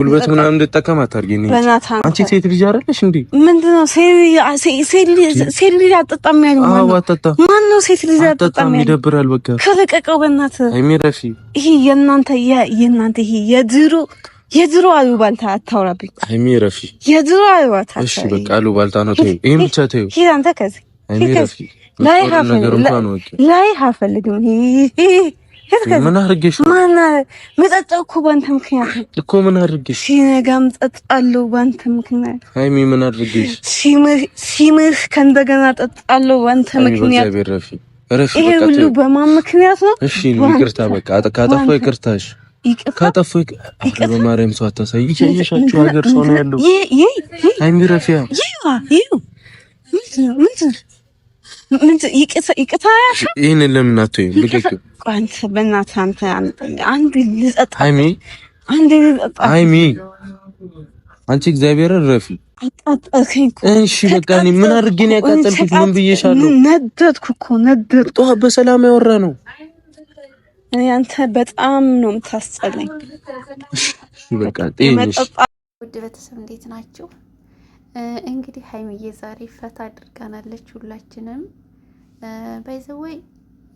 ጉልበት ምናምን እንድጠቀም አታርጊ። አንቺ ሴት ልጅ አይደለሽ እንዴ? ምንድነው? ሴት ልጅ አጠጣም ያለው ማን ነው? ሴት ልጅ አጠጣም ያለው ይደብራል። በቃ ከለቀቀው በእናት አይሚረፊ። ይሄ የእናንተ የእናንተ ይሄ የድሮ የድሮ አሉባልታ አታውራብኝ። አይሚረፊ የድሮ አሉባልታ። እሺ በቃ አሉባልታ ነው። ተይው፣ ይሄን ብቻ ተይው። ይሄ አንተ ከዚህ አይሚረፊ ላይ ሀፈልግም። ይሄ ምን አድርጌሽ? ማን መጠጣው እኮ ባንተ ምክንያት እኮ። ምን አድርጌሽ? ሲነጋም ጠጣለሁ ባንተ ምክንያት ሃይሚ። ምን አድርጌሽ? ሲምህ ከእንደገና ጠጣለሁ ባንተ ምክንያት። ይሄ ሁሉ በማን ምክንያት ነው? እሺ ይቅርታ፣ በቃ ካጠፋሁ ይቅርታሽ ካጠፉ በማርያም ሰው አታሳይ። ይቻየሻችሁ ሀገር ሰው ነው ያለው። ሃይሚ ረፊያ ይቅታ ይህን ለምን አትወይም? አንተ በእናትህ አንተ ሀይሚ፣ አንቺ እግዚአብሔር ረፊ እሺ በቃ እኔ ምን አድርጌ ነው ያቃጠልኩት? ምን ብዬሻለሁ? ነደድኩ እኮ ነደድኩ። ጠዋት በሰላም ያወራ ነው። እኔ አንተ በጣም ነው የምታስጠላኝ። ውድ ቤተሰብ እንዴት ናችሁ? እንግዲህ ሀይሚዬ ዛሬ ፈታ አድርጋናለች ሁላችንም። ባይዘወይ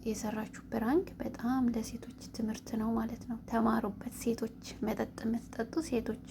የሰራችሁ ብራንክ በጣም ለሴቶች ትምህርት ነው ማለት ነው። ተማሩበት ሴቶች፣ መጠጥ የምትጠጡ ሴቶች